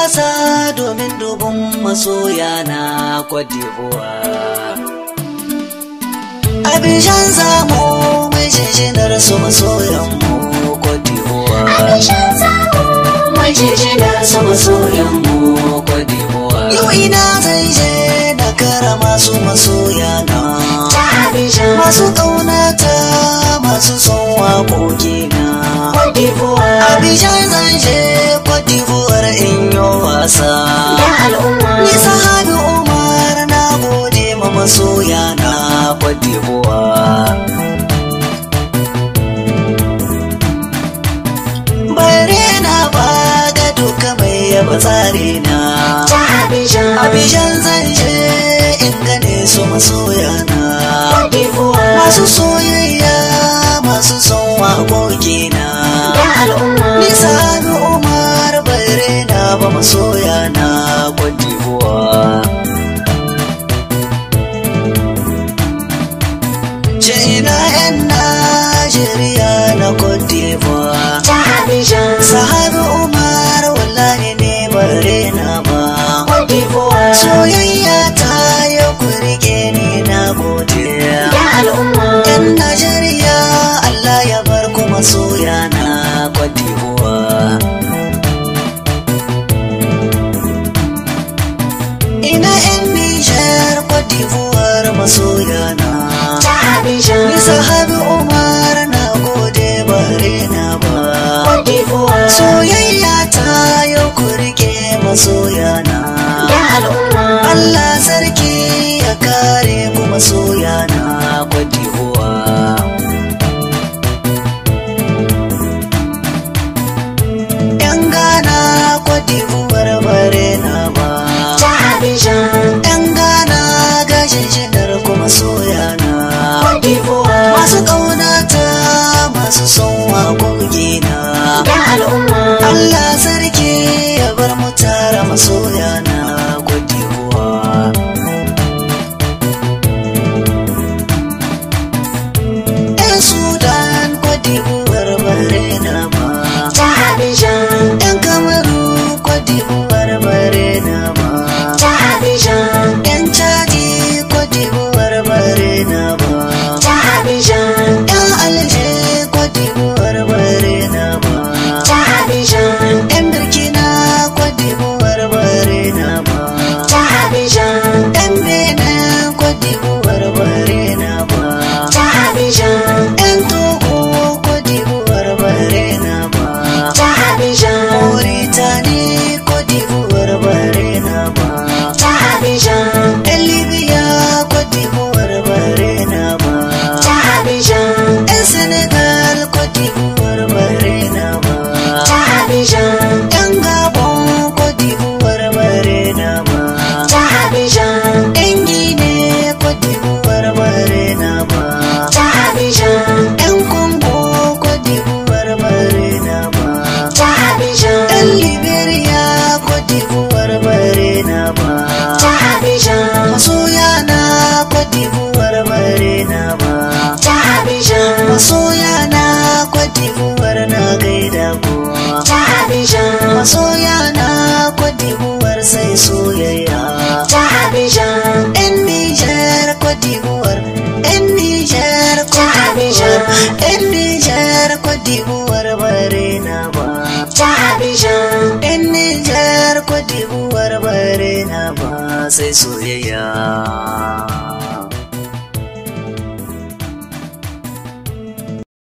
gasa domin dubin masoya na kwadewa. Abishan zamu mai su masoyan mu kwadewa. Abishan zamu mai jijjinar su masoyan mu kwadewa. Yau ina zai je na kara masu masoya na. Masu masu son na. Kwadewa. zan je matasa ya sahabi umar na gode ma masoya na kwadewa bare na ba ga duka mai yaba tsare na abijan zan je in gane su masoya na masu so بين عنا soyayya ta yau kurge masoyana Allah sarki ya kare mu masoyana kwadihowa yan gana kwadihowar bare na ba yan gana gashin masoya na kwadiwar sai soyayya ta abijan yan nijar kwadiwar yan nijar kwadiwar yan nijar kwadiwar bare na ba ta abijan yan nijar kwadiwar bare na ba sai soyayya